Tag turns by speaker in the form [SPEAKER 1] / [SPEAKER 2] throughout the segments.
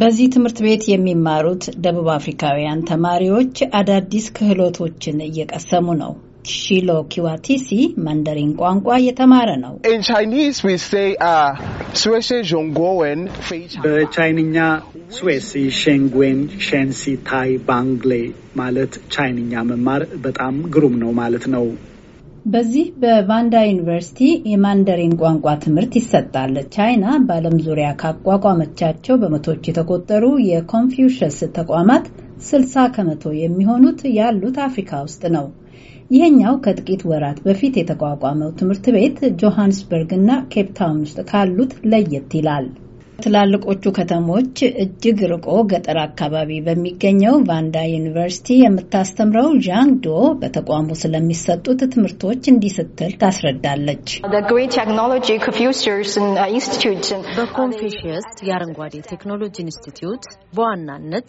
[SPEAKER 1] በዚህ ትምህርት ቤት የሚማሩት ደቡብ አፍሪካውያን ተማሪዎች አዳዲስ ክህሎቶችን እየቀሰሙ ነው። ሺሎ ኪዋቲሲ መንደሪን ቋንቋ እየተማረ ነው።
[SPEAKER 2] በቻይንኛ ስዌሲ ሸንጉን ሸንሲ ታይ ባንግሌ ማለት ቻይንኛ መማር በጣም ግሩም ነው ማለት ነው።
[SPEAKER 1] በዚህ በቫንዳ ዩኒቨርሲቲ የማንደሪን ቋንቋ ትምህርት ይሰጣል። ቻይና በዓለም ዙሪያ ካቋቋመቻቸው በመቶች የተቆጠሩ የኮንፊውሸስ ተቋማት 60 ከመቶ የሚሆኑት ያሉት አፍሪካ ውስጥ ነው። ይህኛው ከጥቂት ወራት በፊት የተቋቋመው ትምህርት ቤት ጆሃንስበርግ እና ኬፕታውን ውስጥ ካሉት ለየት ይላል። ትላልቆቹ ከተሞች እጅግ ርቆ ገጠር አካባቢ በሚገኘው ቫንዳ ዩኒቨርሲቲ የምታስተምረው ዣን ዶ በተቋሙ ስለሚሰጡት ትምህርቶች እንዲህ ስትል ታስረዳለች። በኮንፌሽየስ የአረንጓዴ ቴክኖሎጂ ኢንስቲትዩት በዋናነት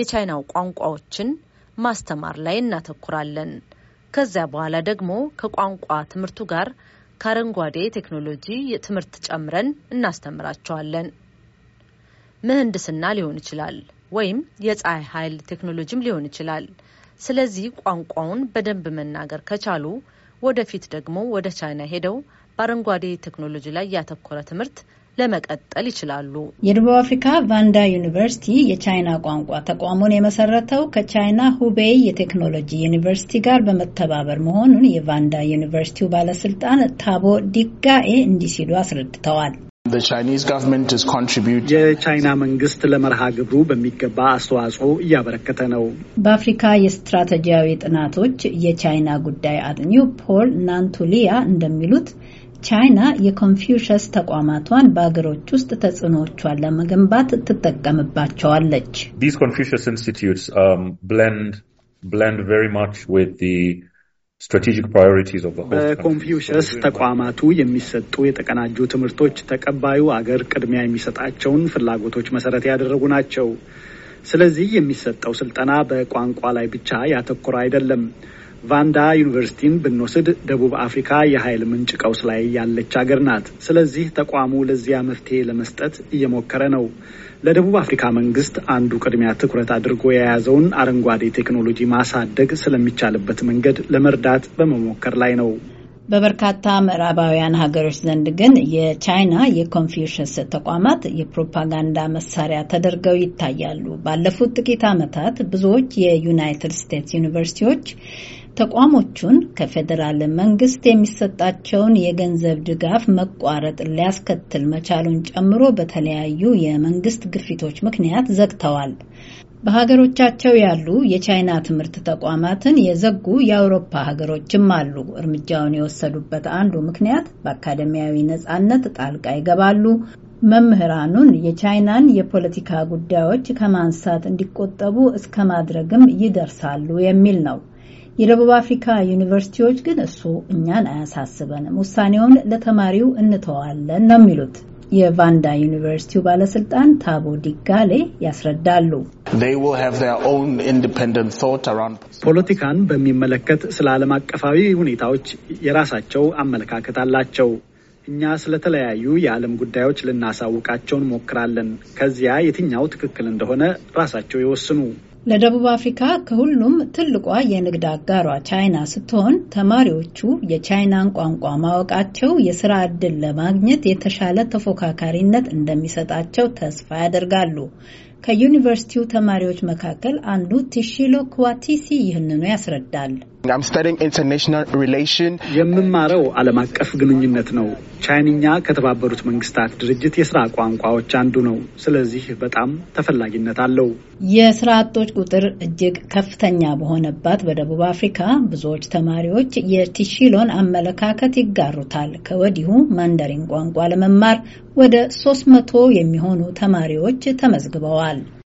[SPEAKER 1] የቻይናው ቋንቋዎችን ማስተማር ላይ እናተኩራለን። ከዚያ በኋላ ደግሞ ከቋንቋ ትምህርቱ ጋር ከአረንጓዴ ቴክኖሎጂ ትምህርት ጨምረን እናስተምራቸዋለን። ምህንድስና ሊሆን ይችላል ወይም የፀሐይ ኃይል ቴክኖሎጂም ሊሆን ይችላል። ስለዚህ ቋንቋውን በደንብ መናገር ከቻሉ ወደፊት ደግሞ ወደ ቻይና ሄደው በአረንጓዴ ቴክኖሎጂ ላይ ያተኮረ ትምህርት ለመቀጠል ይችላሉ። የደቡብ አፍሪካ ቫንዳ ዩኒቨርሲቲ የቻይና ቋንቋ ተቋሙን የመሰረተው ከቻይና ሁቤይ የቴክኖሎጂ ዩኒቨርሲቲ ጋር በመተባበር መሆኑን የቫንዳ ዩኒቨርሲቲው ባለስልጣን ታቦ ዲጋኤ እንዲህ ሲሉ አስረድተዋል።
[SPEAKER 2] የቻይና መንግስት ለመርሃ ግብሩ በሚገባ አስተዋጽኦ እያበረከተ ነው።
[SPEAKER 1] በአፍሪካ የስትራቴጂያዊ ጥናቶች የቻይና ጉዳይ አጥኚው ፖል ናንቱሊያ እንደሚሉት ቻይና የኮንፊውሸስ ተቋማቷን በሀገሮች ውስጥ ተጽዕኖዎቿን ለመገንባት ትጠቀምባቸዋለች።
[SPEAKER 2] በኮንፊውሸስ ተቋማቱ የሚሰጡ የተቀናጁ ትምህርቶች ተቀባዩ አገር ቅድሚያ የሚሰጣቸውን ፍላጎቶች መሰረት ያደረጉ ናቸው። ስለዚህ የሚሰጠው ስልጠና በቋንቋ ላይ ብቻ ያተኮረ አይደለም። ቫንዳ ዩኒቨርሲቲን ብንወስድ ደቡብ አፍሪካ የኃይል ምንጭ ቀውስ ላይ ያለች ሀገር ናት። ስለዚህ ተቋሙ ለዚያ መፍትሄ ለመስጠት እየሞከረ ነው። ለደቡብ አፍሪካ መንግስት አንዱ ቅድሚያ ትኩረት አድርጎ የያዘውን አረንጓዴ ቴክኖሎጂ ማሳደግ ስለሚቻልበት መንገድ ለመርዳት በመሞከር ላይ ነው።
[SPEAKER 1] በበርካታ ምዕራባውያን ሀገሮች ዘንድ ግን የቻይና የኮንፊውሽስ ተቋማት የፕሮፓጋንዳ መሳሪያ ተደርገው ይታያሉ። ባለፉት ጥቂት ዓመታት ብዙዎች የዩናይትድ ስቴትስ ዩኒቨርሲቲዎች ተቋሞቹን ከፌዴራል መንግስት የሚሰጣቸውን የገንዘብ ድጋፍ መቋረጥ ሊያስከትል መቻሉን ጨምሮ በተለያዩ የመንግስት ግፊቶች ምክንያት ዘግተዋል። በሀገሮቻቸው ያሉ የቻይና ትምህርት ተቋማትን የዘጉ የአውሮፓ ሀገሮችም አሉ። እርምጃውን የወሰዱበት አንዱ ምክንያት በአካደሚያዊ ነጻነት ጣልቃ ይገባሉ፣ መምህራኑን የቻይናን የፖለቲካ ጉዳዮች ከማንሳት እንዲቆጠቡ እስከ ማድረግም ይደርሳሉ የሚል ነው። የደቡብ አፍሪካ ዩኒቨርሲቲዎች ግን እሱ እኛን አያሳስበንም፣ ውሳኔውን ለተማሪው እንተዋለን ነው የሚሉት። የቫንዳ ዩኒቨርሲቲው ባለስልጣን ታቦ ዲጋሌ ያስረዳሉ።
[SPEAKER 2] ፖለቲካን በሚመለከት ስለ ዓለም አቀፋዊ ሁኔታዎች የራሳቸው አመለካከት አላቸው። እኛ ስለተለያዩ የዓለም ጉዳዮች ልናሳውቃቸው እንሞክራለን። ከዚያ የትኛው ትክክል እንደሆነ ራሳቸው ይወስኑ።
[SPEAKER 1] ለደቡብ አፍሪካ ከሁሉም ትልቋ የንግድ አጋሯ ቻይና ስትሆን ተማሪዎቹ የቻይናን ቋንቋ ማወቃቸው የስራ ዕድል ለማግኘት የተሻለ ተፎካካሪነት እንደሚሰጣቸው ተስፋ ያደርጋሉ። ከዩኒቨርሲቲው ተማሪዎች መካከል አንዱ ቲሺሎ ኩዋቲሲ ይህንኑ ያስረዳል።
[SPEAKER 2] የምማረው ዓለም አቀፍ ግንኙነት ነው። ቻይንኛ ከተባበሩት መንግስታት ድርጅት የስራ ቋንቋዎች አንዱ ነው። ስለዚህ በጣም ተፈላጊነት አለው።
[SPEAKER 1] የስራ አጦች ቁጥር እጅግ ከፍተኛ በሆነባት በደቡብ አፍሪካ ብዙዎች ተማሪዎች የቲሺሎን አመለካከት ይጋሩታል። ከወዲሁ ማንደሪን ቋንቋ ለመማር ወደ ሶስት መቶ የሚሆኑ ተማሪዎች ተመዝግበዋል።